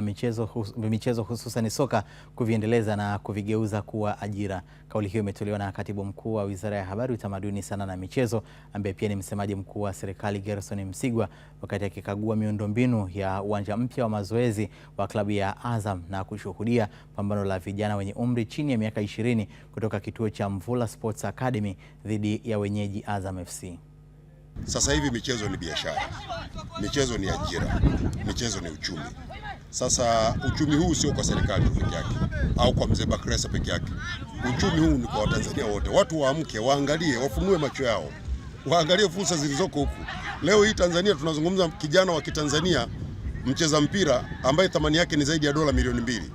Michezo, hus michezo hususan soka kuviendeleza na kuvigeuza kuwa ajira. Kauli hiyo imetolewa na Katibu Mkuu wa Wizara ya Habari, Utamaduni, Sanaa na Michezo ambaye pia ni msemaji mkuu wa serikali Gerson Msigwa wakati akikagua miundombinu ya uwanja mpya wa mazoezi wa klabu ya Azam na kushuhudia pambano la vijana wenye umri chini ya miaka ishirini kutoka kituo cha Mvula Sports Academy dhidi ya wenyeji Azam FC. Sasa hivi michezo ni biashara, michezo ni ajira, michezo ni uchumi. Sasa uchumi huu sio kwa serikali peke yake au kwa mzee Bakresa peke yake. Uchumi huu ni kwa Watanzania wote. Watu waamke, waangalie, wafunue macho yao, waangalie fursa zilizoko huku. Leo hii Tanzania tunazungumza kijana wa Kitanzania mcheza mpira ambaye thamani yake ni zaidi ya dola milioni mbili.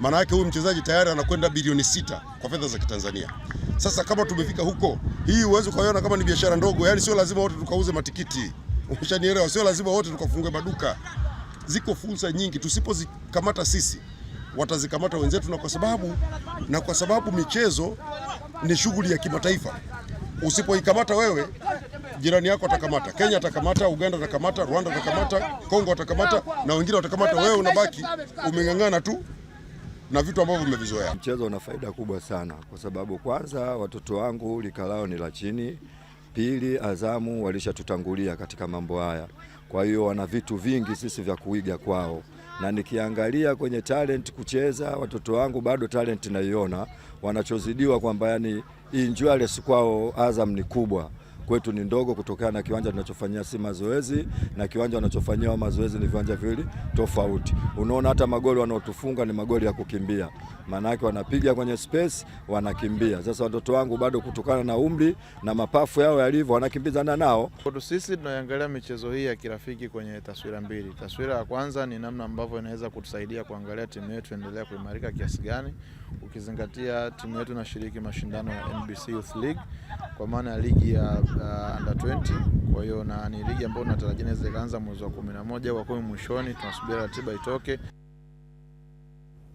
Maana yake huyu mchezaji tayari anakwenda bilioni sita kwa fedha za Kitanzania. Sasa kama tumefika huko, hii uwezo ukaiona kama ni biashara ndogo. yani sio lazima wote tukauze matikiti, umeshanielewa? Sio lazima wote tukafungue maduka ziko fursa nyingi, tusipozikamata sisi watazikamata wenzetu, na kwa sababu na kwa sababu michezo ni shughuli ya kimataifa. Usipoikamata wewe, jirani yako atakamata. Kenya atakamata, Uganda atakamata, Rwanda atakamata, Kongo atakamata, na wengine watakamata. Wewe unabaki umeng'ang'ana tu na vitu ambavyo vimevizoea. Mchezo una faida kubwa sana, kwa sababu kwanza watoto wangu likalao ni la chini Pili, Azamu walishatutangulia katika mambo haya, kwa hiyo wana vitu vingi sisi vya kuiga kwao na nikiangalia kwenye talent kucheza, watoto wangu bado talent naiona, wanachozidiwa kwamba yani hii kwao Azam ni kubwa kwetu ni ndogo kutokana na kiwanja tunachofanyia si mazoezi na kiwanja wanachofanyia mazoezi ni viwanja viwili tofauti. Unaona hata magoli wanaotufunga ni magoli ya kukimbia, yake wanapiga kwenye space wanakimbia. Sasa watoto wangu bado kutokana na umri na mapafu yao yalivyo, wanakimbizana nao. Sisi tunaiangalia michezo hii ya kirafiki kwenye taswira mbili. Taswira ya kwanza ni namna ambavyo inaweza kutusaidia kuangalia timu yetu endelea kuimarika kiasi gani, ukizingatia timu yetu inashiriki mashindano ya NBC Youth League kwa maana ya ligi ya uh, under 20. Kwa hiyo na ni ligi ambayo natarajia inaweza ikaanza mwezi wa 11 au wa 10 mwishoni, tunasubiri ratiba itoke.